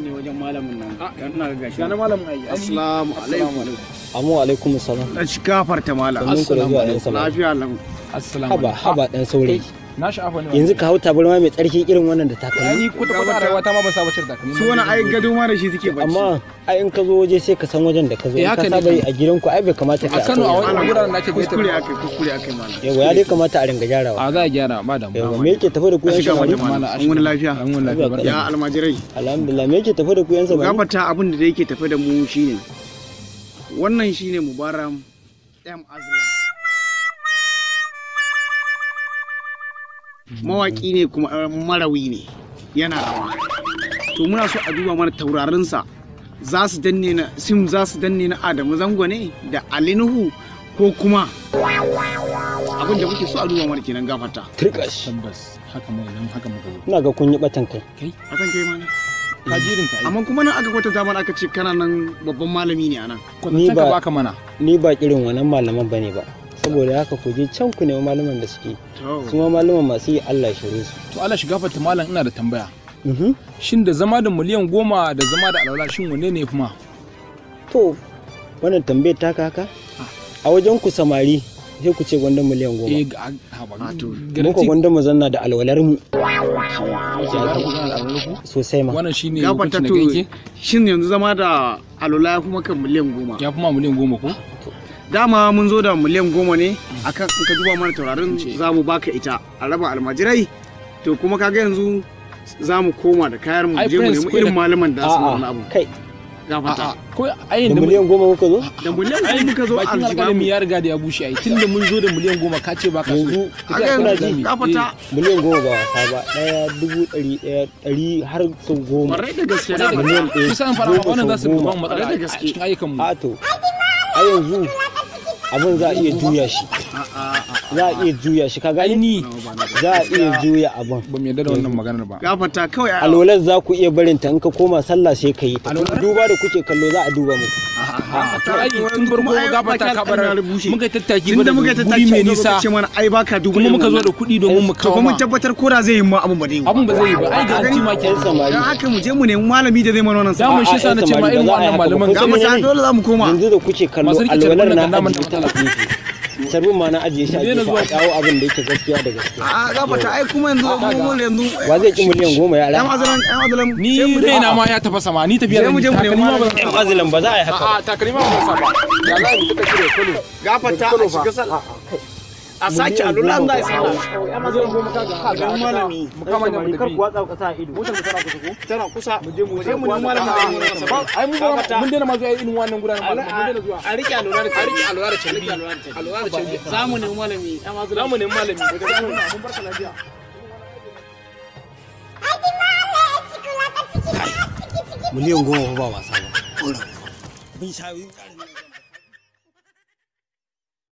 nan ne wajen malamin nan ah. dan ina ga shi malamin ayi assalamu alaikum amu alaikum malam assalamu alaikum lafiya assalamu haba haba dan saurayi ah. na sha'afa ne yanzu ka hau tabarma mai tsarki irin wannan da takalmi ni kuta kuta rayuwa ta ma ban saba cire takalmi su wani ai gado ma da shi suke bacci amma ai in ka zo waje sai ka san wajen da ka zo eh, ka saba yi a gidan ku ai bai kamata ka a Kano a wannan wuraren da ake kuskure akai kuskure akai malam yawa ya dai kamata a ringa gyarawa a za a gyara ba da mu me yake tafi da ku yan shamari an wani lafiya an wani lafiya ya almajirai alhamdulillah me yake tafi da ku yan shamari gabata abin da yake tafi da mu shine wannan shine mubaram m azlam Mhm. mawaki ne kuma eh, marawi ne yana rawa to muna so a duba mana taurarinsa za su danne na sim za su danne na adamu zango ne da alinuhu ko kuma abin da muke so a duba mana kenan gafata turkash tabbas haka mai nan haka muka ina ga kun yi batan kai kai akan kai ma ne amma kuma nan aka kwata mana aka ce kana nan babban malami ne anan ni ba ni ba irin wannan malaman bane ba saboda haka ku je can ku nemi malaman da suke oh. su ma malaman masu yi Allah shirye su to Allah shiga fata malam ina da tambaya mm-hmm. shin da zama da miliyan goma da zama da alwala shin wanne ne kuma to wannan tambayar ta haka ah. a wajen ku samari sai ku ce gwandon miliyan goma eh mun ko gwandon mu zanna da alwalar mu sosai ma wannan shine hukuncin da kake shin yanzu zama da alwala kuma kan miliyan goma ya ma miliyan goma ko dama mun zo da miliyan goma ne mm. akan in ka duba mana taurarin za mu baka ita a raba almajirai to kuma kaga yanzu za mu koma da kayan mu je mu nemi irin malaman da su wani abu kai gafata ko ayin da miliyan goma muka zo da miliyan goma muka zo bakin alƙalami ya riga da ya bushe ai tunda mun zo da miliyan goma ka ce ba ka so ka ga kuna ji eh, miliyan goma ba wasa ba daya dubu ɗari ɗaya ɗari har sau goma ƙwarai da gaske miliyan ɗaya kusan fara wannan za su gaban matsala a cikin ayyukan mu a to a yanzu abin za a iya juya shi za a iya juya shi ka gani za a iya juya abin ba mai dada wannan maganar ba ya fata kawai alwalar za ku iya barin ta in ka koma sallah sai ka yi ta duba da kuke kallo za a duba muku ta ai tun farko ga fata ka bar muka tattaki ba da mai mana ai baka duba kuma muka zo da kuɗi mun tabbatar ko da zai yi ma ba zai yi ba zai yi ba ai ga ma samari dan haka mu je mu nemi malami da zai mana wannan sa na ce ma irin wannan malaman ga mu dole za mu koma yanzu da kuke kallo alwalar na ta sharbin ma na ajiye shi a gefe a kawo abin da yake gaskiya da gaskiya a gafata ai kuma yanzu mun yanzu wa zai ci miliyan goma ya ran azalan ɗan azalan ni na ma ya tafasa sama ni tafiya da takalmi ma ba ɗan azalan ba za a yi haka a takalmi ba sa ba ya lai duka kire kullu gafata a shiga sallah a sake alula an za a sallah idan malami mukamman da kar kuwa tsaka sa ido motar ka tana kusa tana kusa mu je mu je mu nemi malami ai mun mun dena ma zuwa irin wannan gudanar mun dena zuwa a rike alula da a rike alula da canbi alula da canbi za mu nemi malami za mu nemi malami mun barka lafiya miliyan goma ba wasa ba mun sha